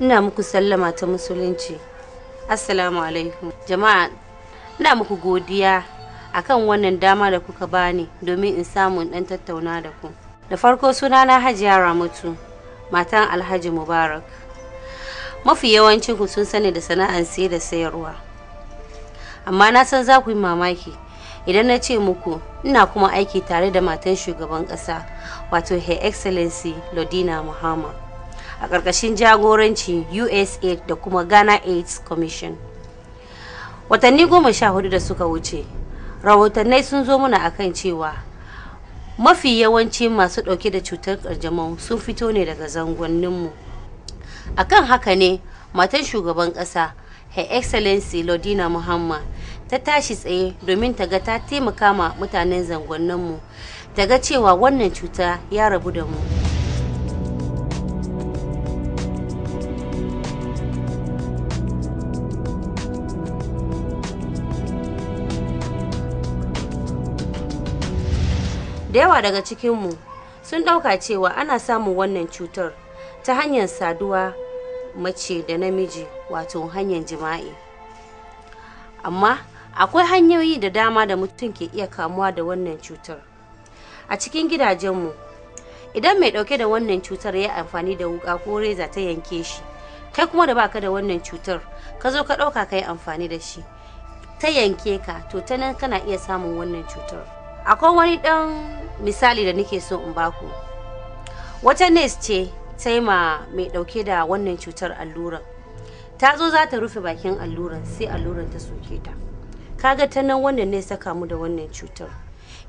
ina muku sallama ta musulunci assalamu alaikum jama'a ina muku godiya akan wannan dama da kuka bani domin in samu dan tattauna da ku da farko sunana hajiya ramatu matan alhaji mubarak mafi yawancin ku sun sani da sana'an sai da sayarwa amma na san za ku yi mamaki idan na ce muku ina kuma aiki tare da matan shugaban ƙasa wato her excellency lodina muhammad a ƙarƙashin jagorancin usa da kuma ghana aids commission watanni goma sha hudu da suka wuce rahotannai sun zo muna akan cewa mafi yawanci masu ɗauke da cutar ƙarjamau sun fito ne daga zangonninmu akan haka ne matan shugaban ƙasa her excellency lodina muhammad ta tashi tsaye domin ta ga ta taimaka ma mutanen zangonninmu ta ga cewa wannan cuta ya rabu da mu da yawa daga cikinmu sun ɗauka cewa ana samun wannan cutar ta hanyar saduwa mace da namiji wato hanyar jima'i amma akwai hanyoyi da dama da mutum ke iya kamuwa da wannan cutar a cikin gidajenmu idan mai ɗauke da wannan cutar ya amfani da wuka ko reza ta yanke shi kai kuma da baka da wannan cutar ka zo ka ɗauka ka yi amfani da shi ta yanke ka to ta nan kana iya samun wannan cutar akwai wani dan misali da nake so in baku wata nes ce taima mai dauke da wannan cutar alluran ta zo za ta rufe bakin alluran sai alluran ta soke ta kaga ta nan wannan ne saka mu da wannan cutar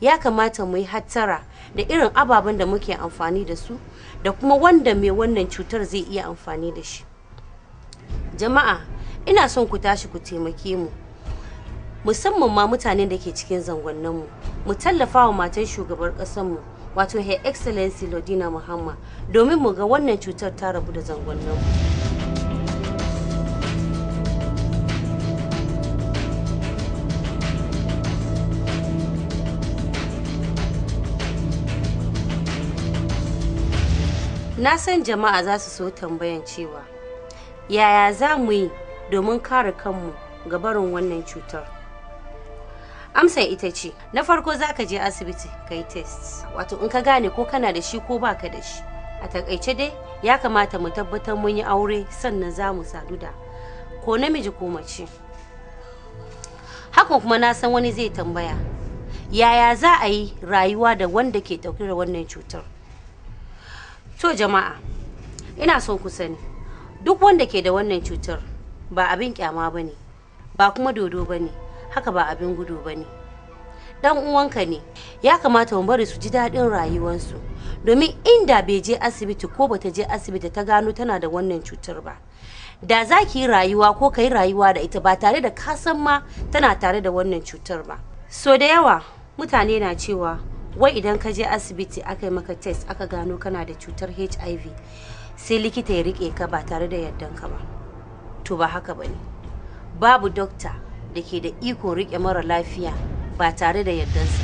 ya kamata mu yi hattara da irin ababen da muke amfani da su da kuma wanda mai wannan cutar zai iya amfani da shi jama'a ina son ku tashi ku taimake mu musamman ma mutanen da ke cikin zangonninmu mu mu tallafa wa matan shugabar mu wato her excellency lodina muhammad domin mu ga wannan cutar ta rabu da zangonninmu na san jama'a za su so tambayan cewa yaya za mu yi domin kare kanmu ga barin wannan cutar amsa ita ce na farko za ka je asibiti ka yi test wato in ka gane ko kana da shi ko baka da shi a takaice dai ya kamata mu tabbatar mun yi aure sannan za mu sadu da ko namiji ko mace hakan kuma na san wani zai tambaya yaya za a yi rayuwa da wanda ke dauke da wannan cutar to jama'a ina so ku sani duk wanda ke da wannan cutar ba abin kyama bane ba kuma dodo bane. haka ba abin gudu ba ne dan uwanka ne ya kamata mu bari su ji daɗin rayuwarsu domin inda bai je asibiti ko bata je asibiti ta gano tana da wannan cutar ba da za ki yi rayuwa ko ka yi rayuwa da ita ba tare da ka ma tana tare da wannan cutar ba so da yawa mutane na cewa wai idan ka je asibiti aka yi maka test aka gano kana da cutar hiv sai likita ya rike ka ba tare da yardan ka ba to ba haka ba ne babu dokta da ke da ikon riƙe mara lafiya ba tare da yardansa.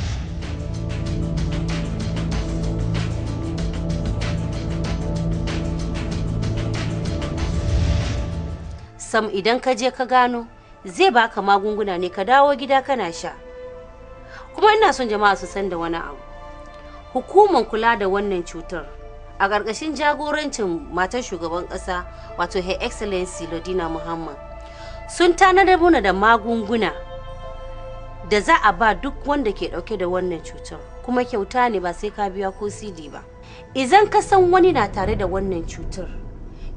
Sam idan ka je ka gano zai baka magunguna ne ka dawo gida kana sha. Kuma ina son jama'a su san da wani abu. Hukumar kula da wannan cutar a ƙarƙashin jagorancin matar shugaban ƙasa wato Her Excellency Lodina Muhammad sun tanada muna da magunguna da za a ba duk wanda ke dauke da wannan cutar kuma kyauta ne ba sai ka biya ko cd ba idan ka san wani na tare da wannan cutar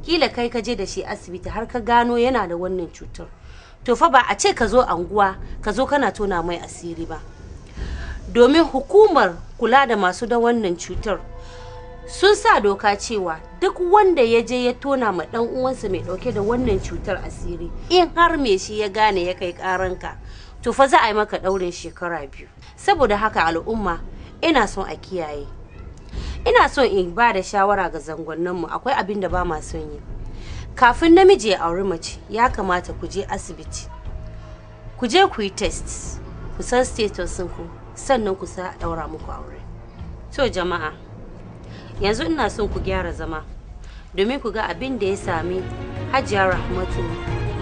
kila kai ka je da shi asibiti har ka gano yana da wannan cutar to fa ba a ce ka zo anguwa ka zo kana tona mai asiri ba domin hukumar kula da masu da wannan cutar sun sa doka cewa duk wanda ya je ya tona ma dan uwansa mai dauke da wannan cutar asiri in har me shi ya gane ya kai karanka to fa za a yi maka daurin shekara biyu saboda haka al'umma ina son a kiyaye ina son in ba da shawara ga zangonnan mu akwai abin da ba ma son yi kafin namiji ya auri mace ya kamata ku je asibiti ku je ku yi test ku san status ku sannan ku sa daura muku aure to jama'a yanzu ina son ku gyara zama domin ku ga abin da ya sami hajiya rahmatu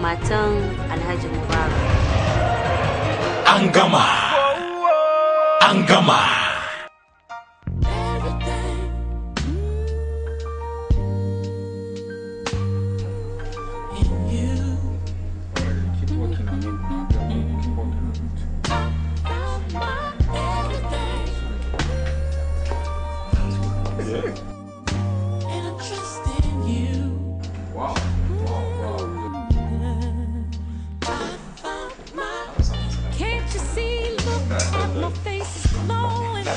matan alhaji mubarak an gama an gama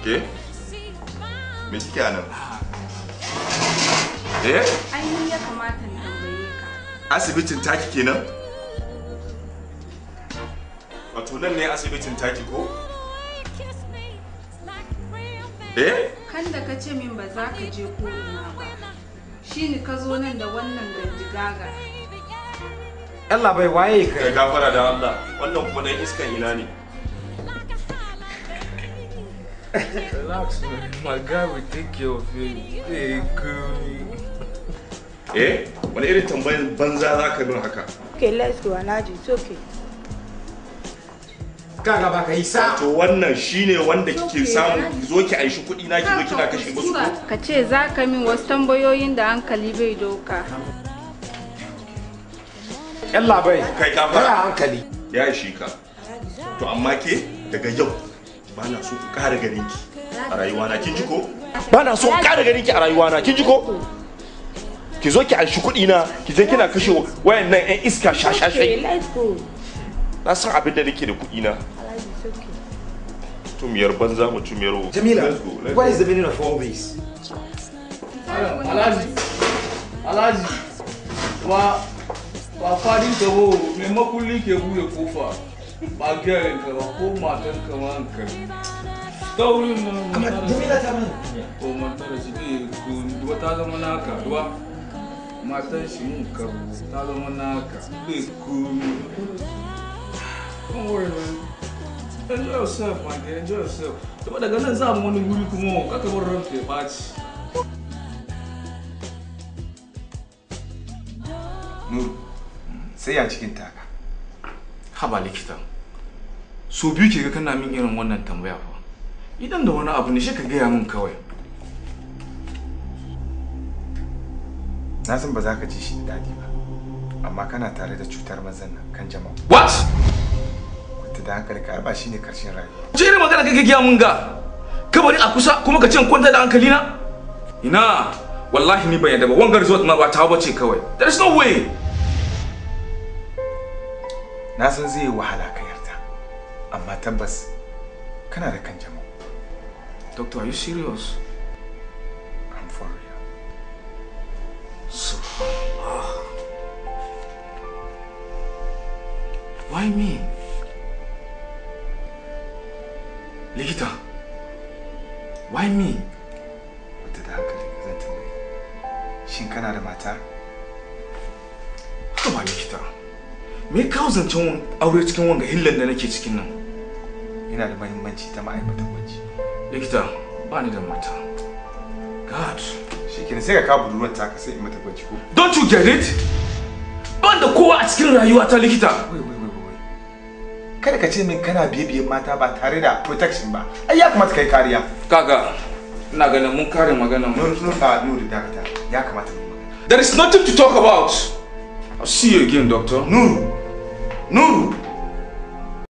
Ke? Me kike anan? Eh? Ai ya kamata ni tambaye ka. Asibitin taki kenan? Wato nan ne asibitin taki ko? Eh? Kan da ka ce min ba za ka je ko ina ba. ne ka zo nan da wannan gandigaga. Allah bai waye kai. ka gafara da Allah. Wannan kuma dan iskan ina ne. Relax, man. My guy will take care of you. Hey, girl. Eh? Wani irin tambayin banza za ka min haka? Okay, let's go, Alhaji. It's okay. Kaga ba ka isa. To wannan shine wanda kike samu ki zo ki aishi kuɗi na ki zo kina kashe musu ko? Ka ce za ka min wasu tambayoyin da hankali bai doka. Yalla bai. Kai ka fara. hankali. Ya shi ka. To amma ke daga yau bana so in ƙara ganin ki a rayuwana kin ji ko ba na so in ƙara ganin ki a rayuwana kin ji ko ki zo ki anshi kuɗi na ki je kina kashe wayannan yan iska shashashe na san abin da nake da kuɗi na mutumiyar banza mutumiyar wo jamila what is the meaning of all this alaji alaji wa wa fadin wo me makullin ke buɗe kofa ba gyaran ka ba ko matan ka ma an ka daurin nan kamar jamila ta mana ko matar shi ne ruwa don't worry man enjoy yourself my dear enjoy yourself kuma daga nan zaa mu wani wuri kuma kaka bar ranka ya ɓaci Nuru, sai a cikin taka. haba likita so biyu ke ga kana min irin wannan tambaya fa idan da wani abu ne shi ka gaya min kawai na san ba za ka ji shi da daɗi ba amma kana tare da cutar mazan nan kan jama'a what kwanta da hankali ka ba shine karshen rayuwa Je ne magana kake gaya min ga ka bari a kusa kuma ka ce in kwanta da hankali na ina wallahi ni ban yadda ba wangar resort ma ba ta bace kawai there is no way nasan zai yi wahala ka yarda amma tabbas kana da kan jamo doctor are you serious i'm for you so uh, why me likita why me wata da hankali zan tambaye shin kana da mata? Kuma likita. me kawo zancen aure cikin wanga hillan da nake cikin nan ina da mahimmanci ta ma'aikatan gwaji likita ba ni da mata god shikenan sai ka ka budurwar ta ka sai in mata gwaji ko don't you get it ban da kowa a cikin rayuwa ta likita kada ka ce min kana biye mata ba tare da protection ba ai ya kamata kai kariya kaga ina ganin mun kare magana mun nufa nuri dakata ya kamata there is nothing to talk about I'll see you again, Doctor. No. Nuru.